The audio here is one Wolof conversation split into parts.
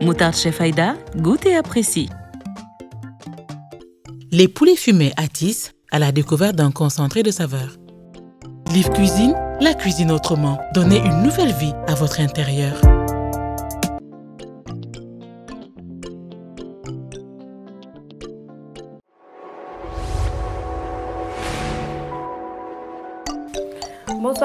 Moutarde Chef Aïda, goûte et apprécie. Les poulets fumés attissent à la découverte d'un concentré de saveurs. Livre Cuisine, la cuisine autrement. Donnez une nouvelle vie à votre intérieur.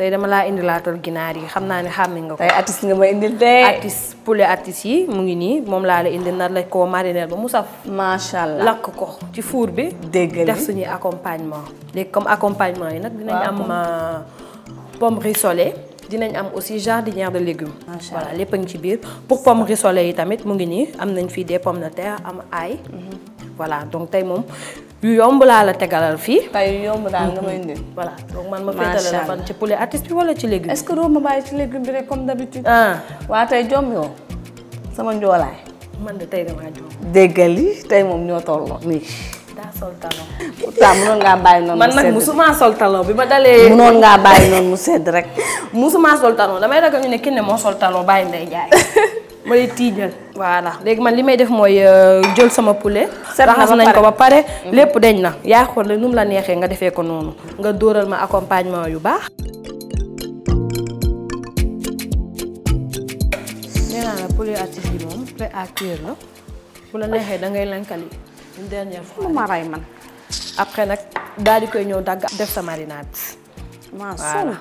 tay dama laa indilaatal yi nga ko. artiste nga ma artiste poulet artiste yi ngi la indil nar la ko mariner ba ko ci four bi. def suñu accompagnement. les comme accompagnement yi nak dinañ am euh, pomme rissolée. dinañ am aussi jardinière de légumes. voilà ci biir pour pomme rissolée yi tamit ngi des pommes de terre am mhm. voilà donc yu yomb laa la tegalal fii. tey yu yomb daal nga may indi. Mm-hmm. voilà donc man ma féetale la fan ci poulet artiste bi wala ci légume. est-ce que doo ma bàyyi ci légume bi rek comme d'habitude. Ah. waa tey jom yoo sama njoolaay. man de tey damaa jom. déggal yi tey moom ñoo tolloo nii. daa sol talon. pourtant munoon ngaa bàyyi noonu. mu sedd man nag musuma sol talon bi ma dalee. munoon ngaa bàyyi noonu mu sedd rek. musuma sol talon damay ragal ñu ne kenn moo sol talon bàyyi nday jaay ma lay tiijal. voilà léegi man li may def mooy euh, jël sama poulet. raxas nañ ko ba pare mhm. lépp deñ na. yaa xool nu mu la neexee nga defee ko noonu nga dóoral ma accompagnement yu baax. nee naa la poulet artiste bi moom prêt à la bu la neexee dangay ngay lankali une dernière ma rey man. après nag daal di koy ñëw dagg def sa marinade. voilà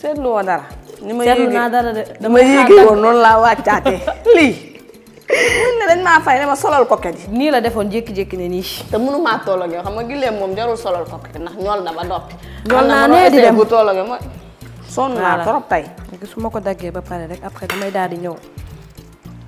seetlu woo dara. ni ma yéegee naa dara de dama yéegee woon noonu laa wàccaatee lii. mun na dañ maa fay ne ma solal coquette yi. nii la defoon jékki-jékki ne nii. te munu maa tooloo xam nga gileem moom jarul solal coquette ndax ñool na ba doppi. ñool naa nee di dem bu tooloo mooy. sonn naa trop su ma ko daggee ba pare rek après damay daal di ñëw.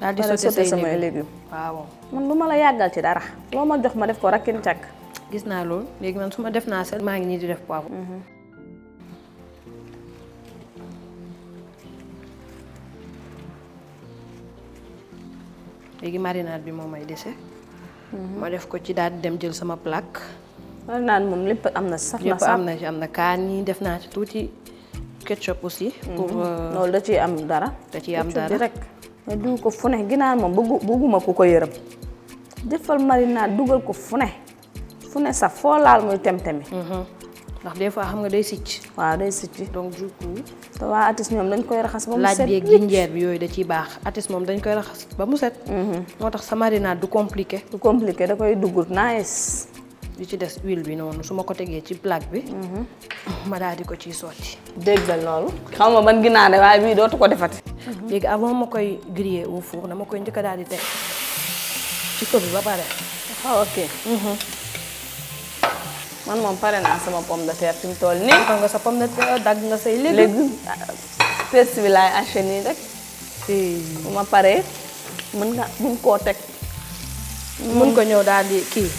daal di sauté samay légumes waaw man du ma la yàggal ci dara loo ma jox ma def ko rakkin càkk gis naa loolu léegi man def naa sel maa ngi nii di def poivre mhm. léegi marinade bi moom may dese mhm. ma def ko ci daal di dem jël sama plaque marinade moom lépp am na saf na saf am na ci am na kaani def naa ci tuuti ketchup aussi mhm. euh, loolu da ciy am dara da ciy am dara rek ma dugal ko fu ne ginaar moom bëggu bëgguma ku ko yërëm defal marinade dugal ko fu ne fu ne sax foo laal muy tem temi mhm. ndax des fois xam nga day sicc waaw day sicc donc du coup te waa atis ñoom dañ koy raxas ba mu set laaj bi yooyu da ciy baax atis moom dañ koy raxas ba mu set mhm. moo tax sa marinade du compliqué du compliqué da koy dugg nice li ci des huile bi noonu su ma ko tegee ci plaque bi mhm. ma daal ko ciy sotti déggal loolu xam nga ban ginaar de waaye bii dootu ko defati léegi avant ma koy griller au four dama koy njëkk a daal di teg ci feu bi ba pare. waaw ah, ok. Mhm. man moom pare naa sama pomme de terre fi mu toll nii. dagg nga sa pomme de terre dagg nga say légumes. peste bi laay haché nii rek. bu ma paree mën nga mën koo teg. mën ko ñëw daal di kii.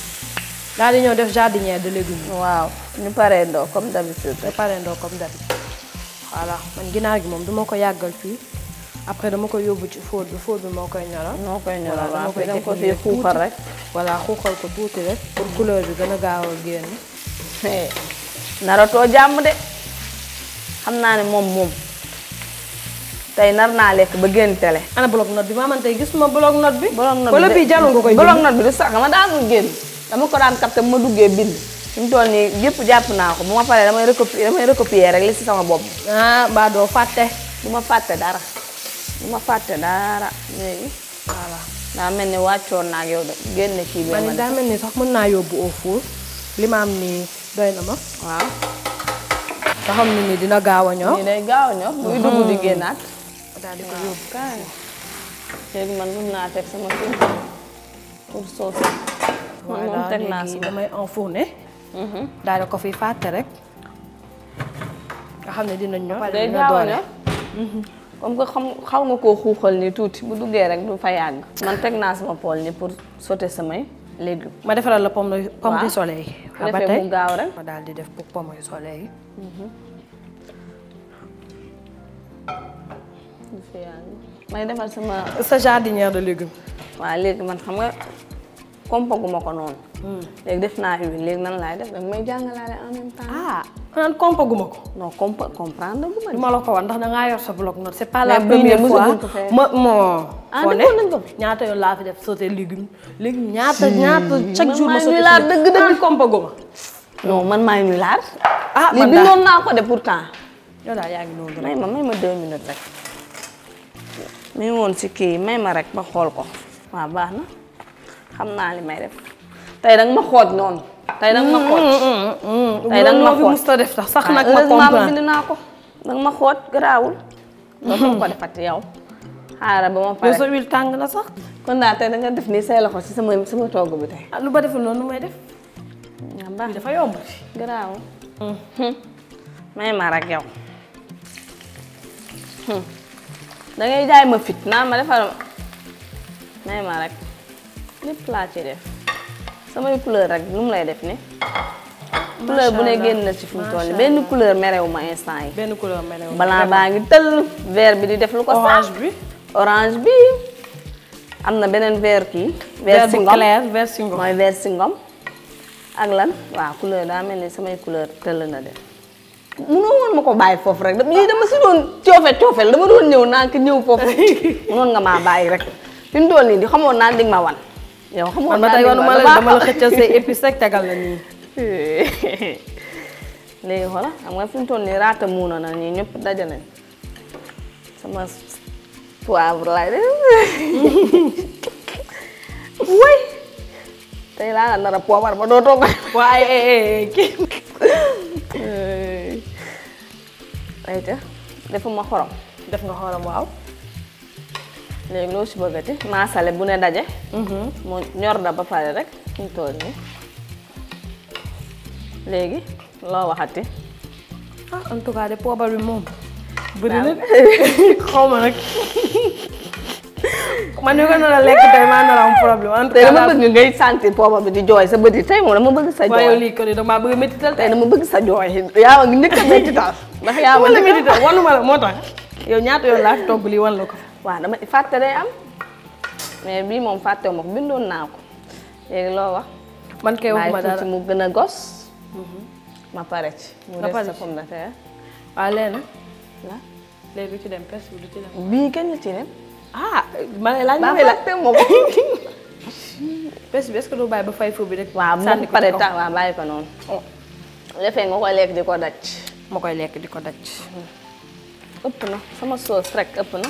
daal di ñëw def jardinière de légumes. waaw ñu paree ndoo comme d'habitude. ñu paree ndoo comme d'habitude. voilà man ginaar gi moom du ko yàggal fii. après dama koy yóbbu ci fóot bi fóot bi moo koy ñoral. moo koy ñoral waaw dama ko fi xuuxal rek. voilà xuuxal ko tuuti rek. pour couleur bi gën a gaaw a génn. naratoo jàmm de xam naa ne moom moom tey nar naa lekk ba génn télé. ana bloc note bi maa man tey gisuma bloc note bi. bloc note bi wala bii jàll bi du sax ma daanu génn dama ko daan capté ma duggee bind. fi mu toll nii yëpp jàpp naa ko bu ma paree damay recopier damay recopier rek li si sama bopp. ah mbaa doo fàtte. du ma fàtte dara. du ma fàtte dara léegi ala na mel ni wàccoon naa ak yow de génn kii bi man da mel ni sax mën na yóbbu au four lima ma am nii doy na ma waaw nga xam ne ni dina gaaw a ni nii day gaaw a ñor dugg hmm. di génnaat daal di ko yóbbu kaay léegi man mën naa teg sama kii pour sauce man moom teg na si damay enfourner mhm. da di ko fi fatte rek nga xam ne dina ñor dina doole comme que xam xaw nga koo xuuxal ni tuuti bu duggee rek du fa yàgg. man teg naa sama pool ni pour sauter samay légumes. ma defaral la pom de pomme du soleil. waaw ah, daal di def pour pomme du soleil. Mhm. may defal sama. sa jardinière de légumes. waaw léegi man xam nga. compaguma ko noonu. Hmm. léegi def naa huile léegi nan laay def rek may jàngalaale en même temps. ah compaguma ko. non compa comprendre gu ma. ma la ko wax ndax da yor sa bloc note. c'est pas la ma ma. ah defoon nañ ko ah, ñaata laa fi def sauté légume légume ñaata ñaata chaque jour ma sauté laar dëgg dëgg compaguma. Ah, non man maa ngi ñu laar. ah man daal li bindoon naa ko de pourtant. yow daal yaa noonu may ma may ma deux minutes rek. mi ngi woon si kii may ma rek ba xool ko. waaw baax na. xam naa li may def tey danga ma xooj noonu. tey danga def sax nag ma naa ko danga ma xooj garaawul. dootoo ko defati yow. ma tàng na sax. kon daal tey danga def nii say loxo si sama sama togg bi tey. lu ba deful noonu may def. baax dafa yomb ci garaawul. Mm. Hm. may maar yow. Hm. dangay jaay ma fit naa ma defal may maar lépp laa ci def samay couleur rek lu mu lay def ni couleur bu ne génn na ci fu mu toll nii benn couleur merew instant yi. benn couleur merew balaa baa ngi vert bi di def lu orange bi orange bi Amna na beneen vert kii. vert singom vert singom mooy vert singom ak lan waaw couleur daa mel ni samay couleur tëll na de mënoo woon ma ko bàyyi foofu rek lii dama si doon coofe coofel dama doon ñëw naa ko ñëw foofu nga maa bàyyi rek fi mu di xamoon naa dig ma wan. yow xam nga ma tey wanu ma la dama la xëccal say la nii. léegi xoola xam nga fi mu raata muuna na ñii ñëpp daje sama poivre laay def way tey laa la nar a ba dootoo ko. waaye kii. defuma xorom. def nga xorom waaw. léegi loo si bëggati maasale bu ne daje. Mhm. mu ñor na ba pare rek ñu toll nii léegi loo waxati. ah en tout cas de poobar bi moom. bëri na xaw ma nag. man mi ko nar a lekk tey maa nar a am problème. en tout cas tey dama bëgg ngay sentir poobar bi di jooy sa bët yi tey moom dama bëgg sa jooy. waaye lii kon dama bëgg métital tey dama bëgg sa jooy. yaa kan ngi njëkk a métital. ndax yaa ma njëkk a métital ya, la moo yow ñaata yoon laa togg lii wan la ko. non dama faté day am mais bii moom faté wu ma ko bindoon naa que wax. man kay waxuma dara mu gën a gos. a mhm. fait ma pare ci fait des sa pomme de terre. waaw léegi nag. ci dem pes ci ah ma ne un la ko. a ba fay bi rek. pare a oh. koy koy mhm. ëpp sauce rek ëpp na.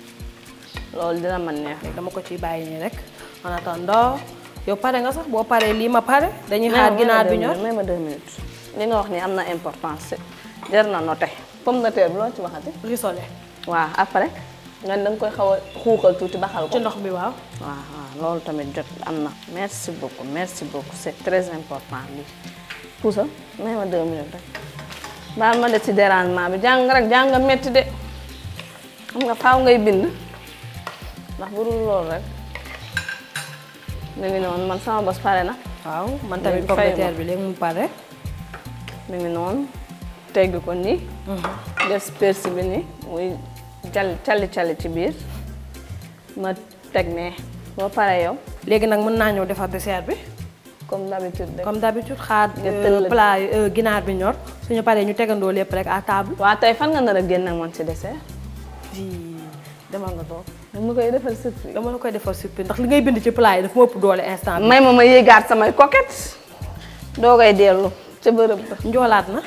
loolu dina man neex rek dama ko ci bàyyi nii rek en attendant yow pare nga sax boo paree lii ma pare. dañuy xaar ginaar bi ñor may ma deux minutes li nga wax ni am na importance jar na noté. pomme de terre bi loo ci waxati. rissolé. waa après nga da koy xaw a xuuxal tuuti baxal ko. ci ndox bi waaw. waaw waaw loolu tamit jot am na. merci beaucoup merci beaucoup c'est très important lii. Pousa may ma deux minutes rek. baal ma de ci dérangement bi jàng rek jàng metti de xam nga faaw ngay bind. ndax buru dul loolu rek mi ngi noonu man sama bos pare na. waaw man tamit pomme de terre bi léegi mu pare. mi ngi noonu tegg ko nii. def persil bi nii muy jal cali cali ci biir ma teg ne boo pare yow. léegi nag mën naa ñëw defar dessert bi. comme d'habitude rek comme d'habitude xaar. plat ginaar bi ñor suñu paree ñu tegandoo lépp rek à table. waaw tey fan nga nar a génn ak ci dessert. fii demal nga toog. dama koy defal surprise dama la koy defal surprise ndax li ngay bind ci plat yi daf ma ëpp doole instant may ma ma yéegaat samay coquette doo koy dellu ca bërëb njoolaat na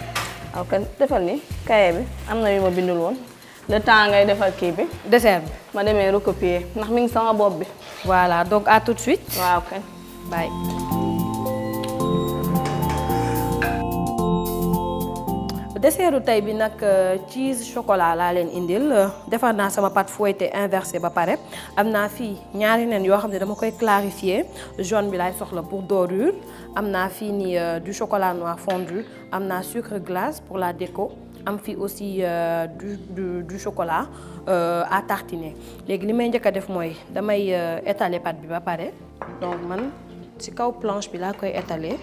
waaw defal ni kaye bi am na yu ma bindul woon le temps ngay defal kii bi dessert bi ma demee recopier ndax mi ngi sama bopp bi voilà donc à tout de suite waaw kan bye dessertu tay bi nak euh, cheese chocolat la len indil defar naa sama pâte feuilletée inversée ba paré amna fi ñaari nen yo xamné dama koy clarifier jaune bi lay soxla pour dorure amna fi ni euh, du chocolat noir fondu amna sucre glace pour la déco am fi aussi euh, du du du chocolat à tartiner légui limay may def moy damay étaler pâte bi ba paré donc man ci kaw planche bi la koy étaler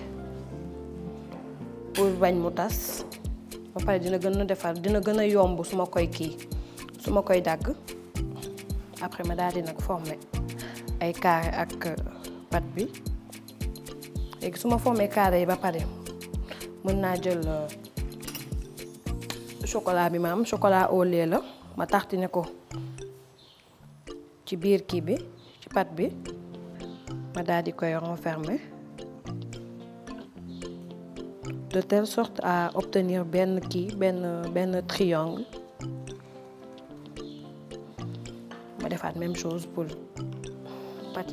pour bañ mu je ne dina pas défar dina gëna yomb suma koy ki suma koy après ma formé ay carré ak euh, bi formé carré ba euh, chocolat bi chocolat au lait la ma ko ci biir ki bi ci bi ma koy de telle sorte à obtenir Ben qui Ben On triangle faire la même chose pour pat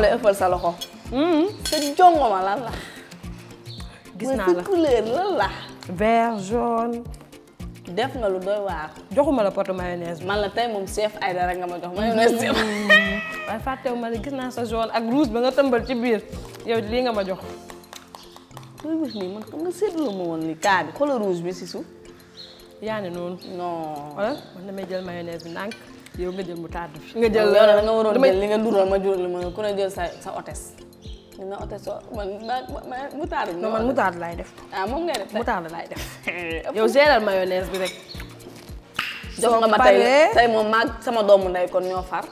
le ëppal sa loxo. sa jongoma lan la. gis na la couleur la la. vert jaune. def nga lu doy war joxuma la porte mayonnaise. man la tay mom chef ay dara nga ma jox mayonnaise. Hmm. waaye fàttewu ma ne gis na sa jaune ak rouge ba nga tembal ci bir yow li nga ma jox. muy bis ni man nga seetlu mo won nii kaa bi rouge bi ci sou yaa non non wala man damay jël mayonnaise bi nank yow nga jël mu tardé. nga jël loolu da nga waroon jël li nga dural ma jural ma ku ne jël sa sa hôtesse. dina hôtesse oh, man mu tardé. non man mu tardé laay def. ah moom ngay def mu tardé laay def. yow géral mayonnaise bi rek. jox nga ma tey tey moom maag sama doomu ndey kon ñoo far.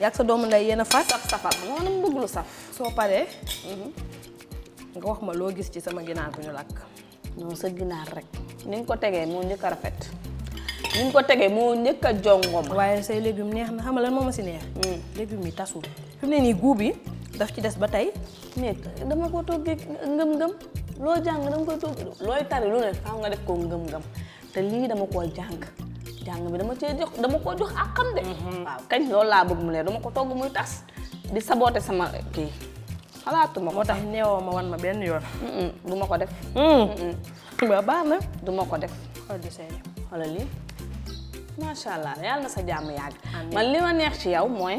yaa sa doomu ndey yéen a far. saf safar moo na mu bëgg lu saf. soo paree. Mhm. nga wax ma loo gis ci sama ginaar bu ñu lakk. non sa ginaar rek. ni nga ko tegee moo njëkk a rafet. bu ko tegee mo njëkk a jongoma waaye say légume neex na xam nga lan ma ci neex hmm. légume mi tassu fi mu ne nii guub daf ci dess ba tay mais dama ko toggé ngëm-ngëm lo jang dama ko togg loy tari lu ne faaw nga def ko ngëm-ngëm té li dama ko jang jang bi dama ci jox dama ko jox akam dé mhm. waaw kañ lo la bëgg mu leer dama ko togg muy tass di saboter sama ki xalaatuma ko moo tax neew ma wan ma benn yoon du ma ko def mm. ba ba na duma ko def xool di sey xoolal macha allah yàlla na sa jàmm yàgg. man li ma neex ci yow mooy.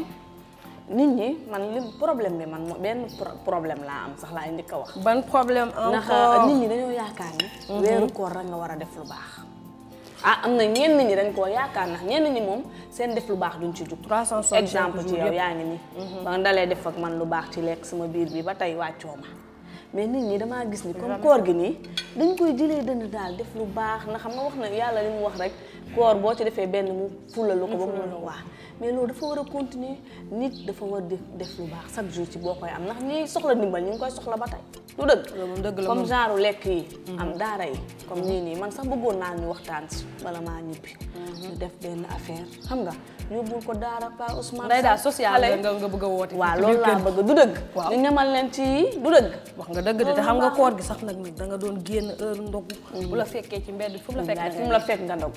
nit ñi man li problème bi man benn problème laa am sax laa indi ko wax. ban problème ndax euh, nit ñi dañoo yaakaar ni. Mhm. weeru koor rek nga war a def lu baax. ah am na ñenn ñi dañ koo yaakaar ndax ñenn ñi moom seen def lu baax duñ ci jug. 360 exemple ci yow yaa ngi nii. Mhm. ba nga dalee def ak man lu baax ci lekk sama biir bi ba tey wàccoo ma mais nit ñi damaa gis ni comme koor gi nii dañ koy jëlee dënd daal def lu baax na xam nga wax na yàlla li mu wax rek. koor boo ci defee benn mu fulalu ko ba mu mën waa mais loolu dafa war a continuer nit dafa war di def lu baax chaque jour ci boo koy am ndax ñi soxla ndimbal ñu ngi koy soxla ba tey lu dëgg comme genre lekk yi mhm. am daara yi comme nii nii man sax bëggoon naa ñu waxtaan si bala maa ñibbi mhm. def affaire xam nga yóbbul ko daara pa Ousmane day daal social nga nga bëgg a woote waaw loolu laa bëgg du dëgg ñu ñamal leen ci du dëgg wax nga dëgg de te xam nga koor gi sax nag nag da nga doon génn heure ndogu mhm. bu la fekkee ci mbedd fu la fekk nga ndogu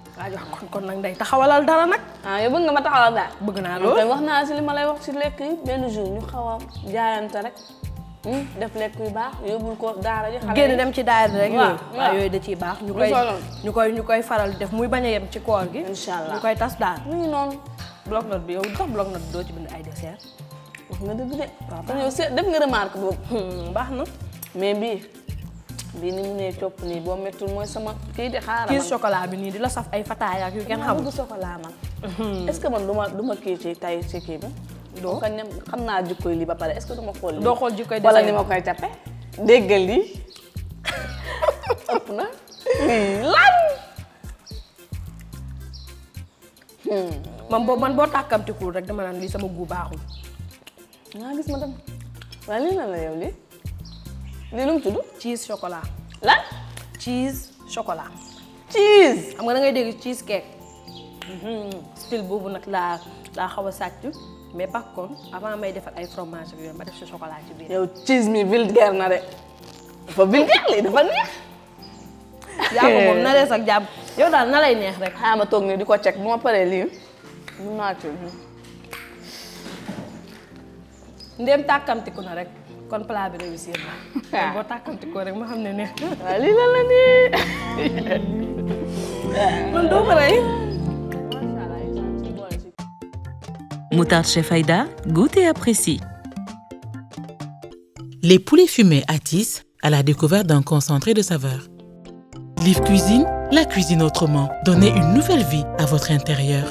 waaw kon kon nag day taxawalal dara nag. ah yow bëgg nga ma taxawal daal. bëgg naa loolu wax naa si li ma lay wax si lekk yi benn jour ñu xaw a jaayante rek. Hmm, def lekk yu baax yóbbul ko daara ji. xale ci daara rek. waaw ah, da ciy baax. ñu koy ñu koy ñu koy faral def muy bañ a yem ci koor gi. incha allah koy tas daal. mu ngi noonu. bloc note bi bind ay dessert. wax nga dëgg de. waaw kon yow def nga remarque boobu. Hmm, baax na mais bii. Bini ni mu nee topp nii boo sama kii di xaaral kii chocolat bi nii di la saf ay fataaya ak yu kenn xamul bëgg chocolat man mhm. est ce que man du ma du ma kii ci tay ci kii bi doo ko ne xam naa jikkoy lii ba pare est ce que du ma xool lii doo xool jikkoy dese wala ni ma koy tappe déggal lii ëpp na lii lan man boo man boo tàkkamtikul rek dama naan lii sama guu baaxul nga gis ma dem waaye lii la yow lii lii lu mu tudd. cheese chocolat. lan. cheese chocolat. cheese. xam nga da dégg cheese cake. Mhm. style boobu nag laa laa xaw a sàcc mais par contre avant may defar ay fromage bi ci biir. yow cheese mi vulgaire na de. dafa vulgaire lii dafa neex. yaa ko na rees ak jàmm yow daal na lay neex rek. xaaral ah, ma toog nii di ko cek bu ma paree lii mun naa ci ndéem tàkkamtiku na rek. kon ah. Moutarde Chef Aïda, goûte et apprécie. Les poulets fumés attissent à la découverte d'un concentré de saveurs. Livre Cuisine, la cuisine autrement. Donnez une nouvelle vie à votre intérieur.